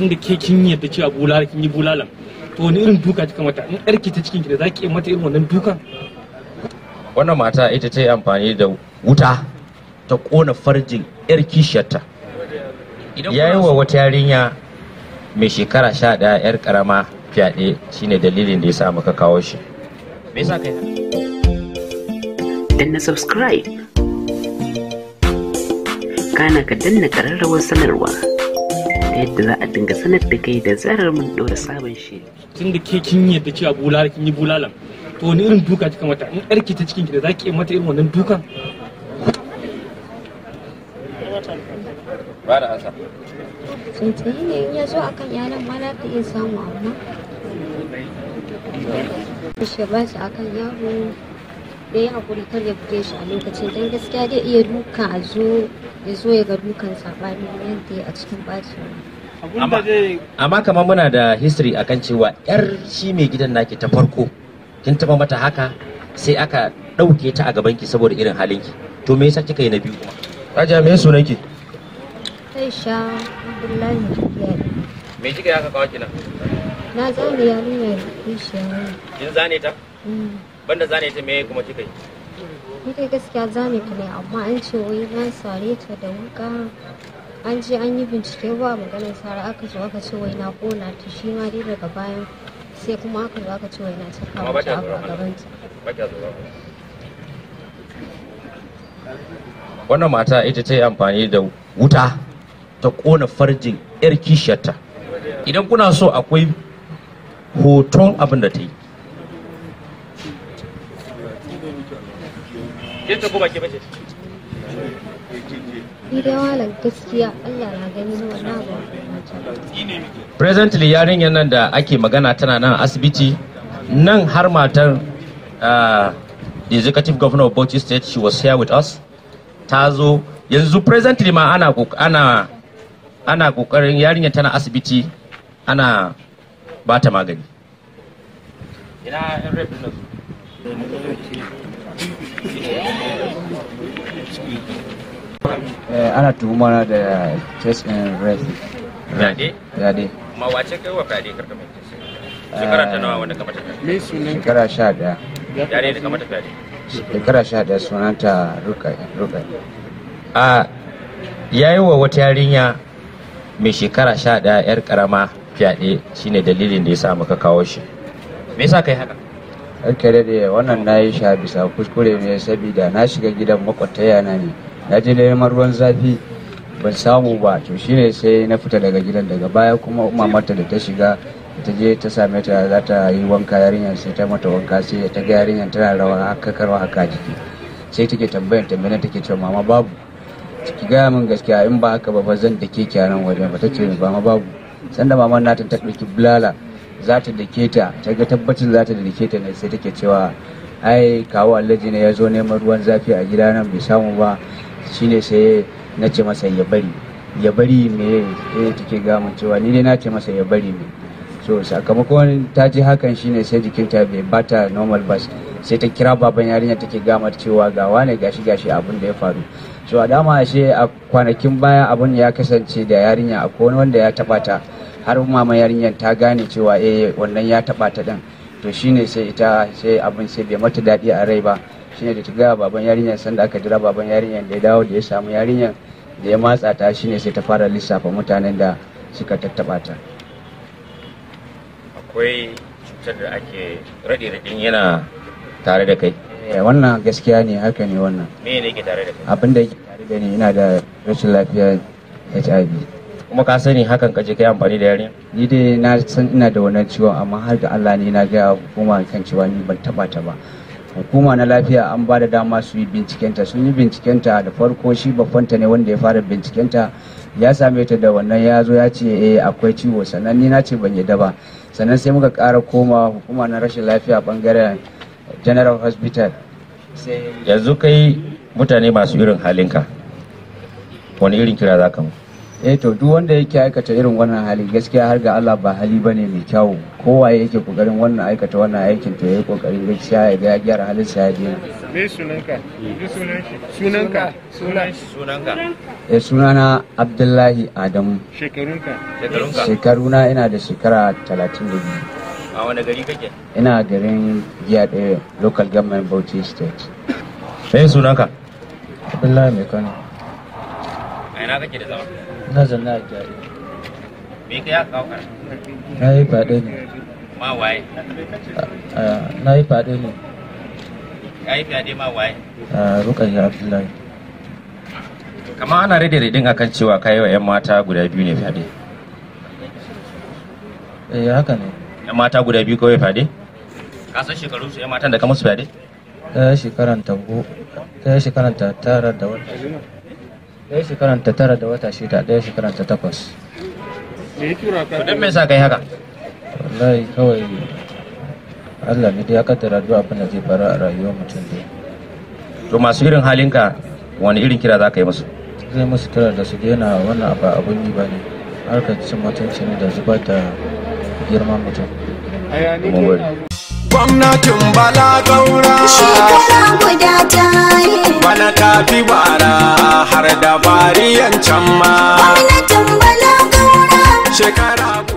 tun da ke kin yadda cewa bulala kin yi bulalan to wani irin duka kika mata in yarki ta cikin ki da za zaki mata irin wannan dukan wannan mata ita ta yi amfani da wuta ta kona farjin yar kishiyarta ya yi wa wata yarinya mai shekara sha ɗaya yar ƙarama fyaɗe shine dalilin da ya sa muka kawo shi me yasa kai danna subscribe kana ka danna ƙararrawar sanarwa yadda za a dinga sanar da kai da zarar mun ɗora sabon shi. Tun da ke kin yadda cewa bulala kin yi bulalan to wani irin duka kika mata in ƴarki ta cikin ki za ki mata irin wannan dukan. Ba da asa. ne in ya zo akan yaran ma ta iya samu amma. Shi ba su akan yaro da ya hakuri kar ya buge shi a lokacin don gaskiya zai iya duka a zo ya zo ya ga dukan saɓani yadda ya a cikin ɓacin amma kamar muna da history akan cewa yar shi mai gidan naki ta farko kin taɓa mata haka sai aka ɗauke ta a gabanki saboda irin halinki to me yasa kika yi na biyu kuma Raja me sunan ki Aisha Abdullahi me kika yi kawo kina na zane yarinya da kishiya kin zane ta mm. banda zane ta me kuma kika yi ni kai gaskiya zane ta ne amma an ce wai na sare ta da wuka an je an yi bincike ba maganar sara aka zo aka ce wai na kona ta shi ma dai daga bayan sai kuma aka zo aka ce wai na ta kawo ta a gaban ta wannan mata ita ta yi amfani da wuta ta kona farjin yar kishiyarta idan kuna so akwai hoton abin da ta yi Jinta ko baki bace? Presently yarin nan da ake magana tana nan asibiti nan har matar ah, the executive governor of Bauchi state she was here with us ta zo yanzu presently ma ana ana ana kokarin yarinyar tana asibiti ana ba ta magani. Ina Eh, ana tuhumana da chest and red fyaɗe fyaɗe ma wace kai wa fadi karka mai shekara ta nawa wanda kamata sunan shekara 11 yare fyaɗe da kamata fadi shekara 11 sunan ta rukai rukai a yayi wa wata yarinya mai shekara 11 yar karama fyaɗe shine dalilin da ya sa muka kawo shi me yasa kai haka Ɗan kare da wannan na yi sha bisa kuskure ne saboda na shiga gidan makwataya na ne na je neman ruwan zafi ban samu ba to shine sai na fita daga gidan daga baya kuma mamarta da ta shiga ta je ta same ta za ta yi wanka yarinyar sai ta mata wanka sai ta ga yarinyar tana rawa haka karwa haka jiki sai take tambayar ta mene take cewa mama babu ki gaya min gaskiya in ba haka ba zan da ke kyanan wajen ba ce ba ma babu sanda maman nata ta ɗauki bulala za ta dake ta ta ga tabbacin za ta dake ta ne sai take cewa ai kawo allaji ne ya zo neman ruwan zafi a gida nan bai samu ba shine sai na ce masa ya bari ya bari me ya eh take gamun cewa ni dai na ce masa ya bari me so sakamakon ta ji hakan shine sai jikinta bai bata normal ba sai ta kira baban yarinya take gamar cewa ga wane gashi gashi abin da ya faru so a dama ashe a kwanakin baya abin ya kasance da yarinya akwai wanda ya taba ta har mama yarinyar ta gane cewa eh wannan ya taba ta din to shine sai ita sai abin sai bai mata daɗi a rai ba shine da ta gaya baban yarinyar sanda aka jira baban yarinyar da ya dawo da ya samu yarinyar da ya matsa ta shine sai ta fara lissafa mutanen da suka tattaba ta akwai cutar da ake raɗe radin yana tare da kai eh, wannan gaskiya ne haka ne wannan me ne ke tare da kai abin da yake tare da ni ina da rashin lafiya HIV kuma ka sani hakan ka je kai amfani da yarinya ni dai na san ina da wannan ciwon amma har da Allah ne na ga hukuma kan ciwon ni ban taba ta ba hukuma na lafiya an ba da dama su yi bincikenta sun yi bincikenta da farko shi babbanta ne wanda ya fara bincikenta ya same ta da wannan ya zo ya ce e akwai ciwo sannan ni na ce ban yi ba sannan sai muka ƙara koma hukuma na rashin lafiya bangaren general hospital yanzu kai mutane masu irin halinka wani irin kira za ka mu eh to duk wanda yake aikata irin wannan hali gaskiya har ga Allah ba hali bane mai kyau kowa yake kokarin wannan aikata wannan aikin to yayi kokarin gaskiya ya ga gyara halin sa ya dena me sunanka sunanka sunanka sunanka eh sunana Abdullahi Adamu shekarunka shekarunka shekaruna ina da shekara 32 a wani gari kake ina garin giya ɗaya local government bauchi state me sunanka Abdullahi Mekano a ina kake da zama na zanna a gyare me na yi faɗe ne ma abdullahi kama ana akan cewa ka yi wa 'yan mata guda biyu ne faɗe eh haka ne 'yan mata guda biyu kawai faɗe ka san shekaru su 'yan matan da ka musu faɗe ta shekaran ta tara da ɗaya shekaran ta tara da wata shida ɗaya shekaran ta takwas kudin me sa kai haka wallahi kawai Allah ne ya kaddara duk abin da zai faru a rayuwar mutum dai to masu irin halinka wani irin kira za ka yi musu zai musu kira da su daina wannan ba abun yi ba ne harkar cin mutunci ne da zubar da girman mutum gwamnatin bala gaura shekara guda ta yi bana kafi bara har dabari bariyan can ma gwamnatin bala gaura shekara